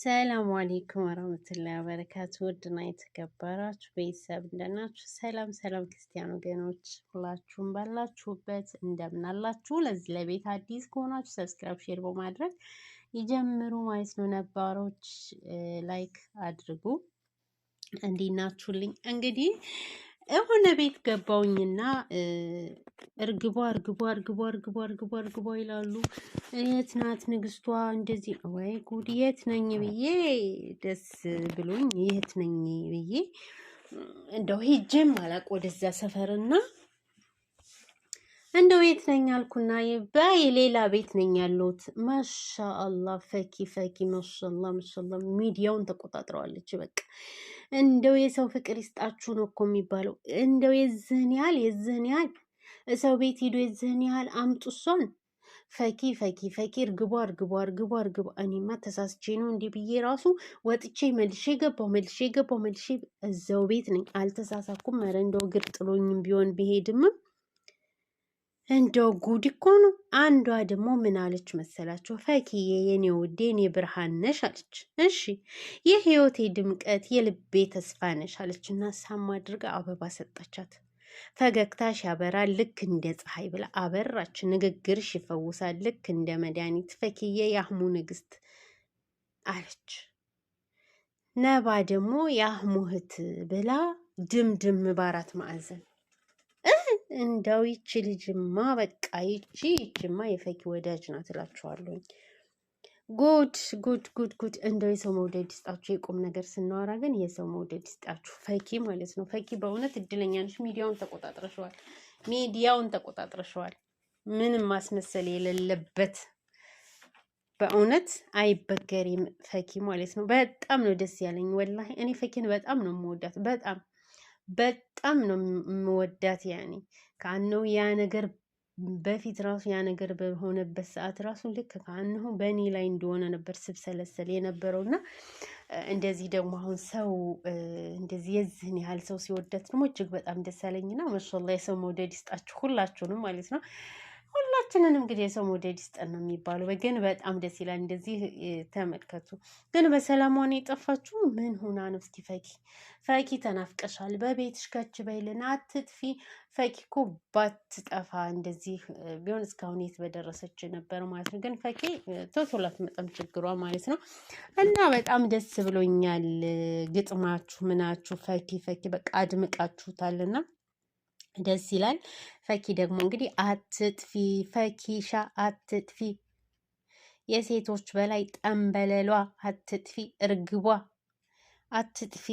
ሰላም አሌይኩም ወራህመቱላሂ ወበረካቱ። ውድና የተከበራችሁ ቤተሰብ እንደናችሁ፣ ሰላም ሰላም ክርስቲያን ወገኖች ሁላችሁም ባላችሁበት እንደምን አላችሁ? ለዚህ ለቤት አዲስ ከሆናችሁ ሰብስክራይብ፣ ሼር በማድረግ ይጀምሩ ማለት ነው። ነባሮች ላይክ አድርጉ። እንዲናችሁልኝ እንግዲህ የሆነ ቤት ገባውኝና እርግቧ እርግቧ እርግቧ እርግቧ እርግቧ እርግቧ ይላሉ። የት ናት ንግስቷ? እንደዚህ ነው ወይ ጉድ! የት ነኝ ብዬ ደስ ብሎኝ የት ነኝ ብዬ እንደው ሂጄም አላቅ ወደዛ ሰፈርና እንደው የት ነኝ አልኩና ሌላ ቤት ነኝ ያለሁት። ማሻአላ ፈኪ ፈኪ ማሻላ ማሻላ ሚዲያውን ተቆጣጥረዋለች። በቃ እንደው የሰው ፍቅር ይስጣችሁ ነው እኮ የሚባለው። እንደው የዝህን ያህል የዝህን ያህል ሰው ቤት ሂዶ የዝህን ያህል አምጡ እሷን ፈኪ ፈኪ ፈኪ እርግቧ እርግቧ እርግቧ እርግቧ። እኔማ ተሳስቼ ነው እንዲህ ብዬ ራሱ ወጥቼ መልሼ ገባው መልሼ ገባው መልሼ እዛው ቤት ነኝ። አልተሳሳኩም። ኧረ እንደው እግር ጥሎኝም ቢሆን ብሄድም እንደው ጉድ እኮ ነው። አንዷ ደግሞ ምን አለች መሰላቸው? ፈኪዬ የኔ ውዴ የኔ ብርሃን ነሽ አለች። እሺ የህይወቴ ድምቀት የልቤ ተስፋ ነሽ እና ሳም አድርጋ አበባ ሰጣቻት። ፈገግታሽ ያበራል ልክ እንደ ፀሐይ ብላ አበራች። ንግግርሽ ይፈውሳል ልክ እንደ መድኃኒት። ፈኪዬ የአህሙ ንግስት አለች። ነባ ደግሞ የአህሙ እህት ብላ ድምድም ባራት ማዕዘን እንደው ይቺ ልጅማ በቃ ይቺ ይቺማ የፈኪ ወዳጅ ናት እላችኋለሁኝ። ጉድ ጉድ ጉድ ጉድ! እንደው የሰው መውደድ ይስጣችሁ። የቁም ነገር ስናወራ ግን የሰው መውደድ ይስጣችሁ። ፈኪ ማለት ነው። ፈኪ በእውነት እድለኛ ነች። ሚዲያውን ተቆጣጥረሸዋል። ሚዲያውን ተቆጣጥረሸዋል። ምንም ማስመሰል የሌለበት በእውነት አይበገሬም ፈኪ ማለት ነው። በጣም ነው ደስ ያለኝ ወላሂ። እኔ ፈኪን በጣም ነው የምወዳት። በጣም በጣም ነው የምወዳት። ያኔ ከአነው ያ ነገር በፊት ራሱ ያ ነገር በሆነበት ሰዓት ራሱ ልክ ከአንሁ በእኔ ላይ እንደሆነ ነበር ስብሰለሰል የነበረው እና እንደዚህ ደግሞ አሁን ሰው እንደዚህ የዚህን ያህል ሰው ሲወደት ደግሞ እጅግ በጣም ደስ አለኝና፣ ማሻአላህ የሰው መውደድ ይስጣችሁ ሁላችሁንም ማለት ነው። ሁላችንንም እንግዲህ የሰው መውደድ ይስጠን ነው የሚባለው። ግን በጣም ደስ ይላል። እንደዚህ ተመልከቱ። ግን በሰላሟን የጠፋችሁ ምን ሆና ነው? እስኪ ፈኪ ፈኪ ተናፍቀሻል። በቤትሽ ከች በይልን አትጥፊ። ፈኪ እኮ ባትጠፋ እንደዚህ ቢሆን እስካሁን የት በደረሰች ነበር ማለት ነው። ግን ፈኪ ቶቶላት አትመጣም ችግሯ ማለት ነው። እና በጣም ደስ ብሎኛል። ግጥማችሁ ምናችሁ ፈኪ ፈኪ በቃ አድምቃችሁታልና ደስ ይላል። ፈኪ ደግሞ እንግዲህ አትጥፊ ፈኪሻ አትጥፊ፣ የሴቶች በላይ ጠንበለሏ አትጥፊ፣ እርግቧ አትጥፊ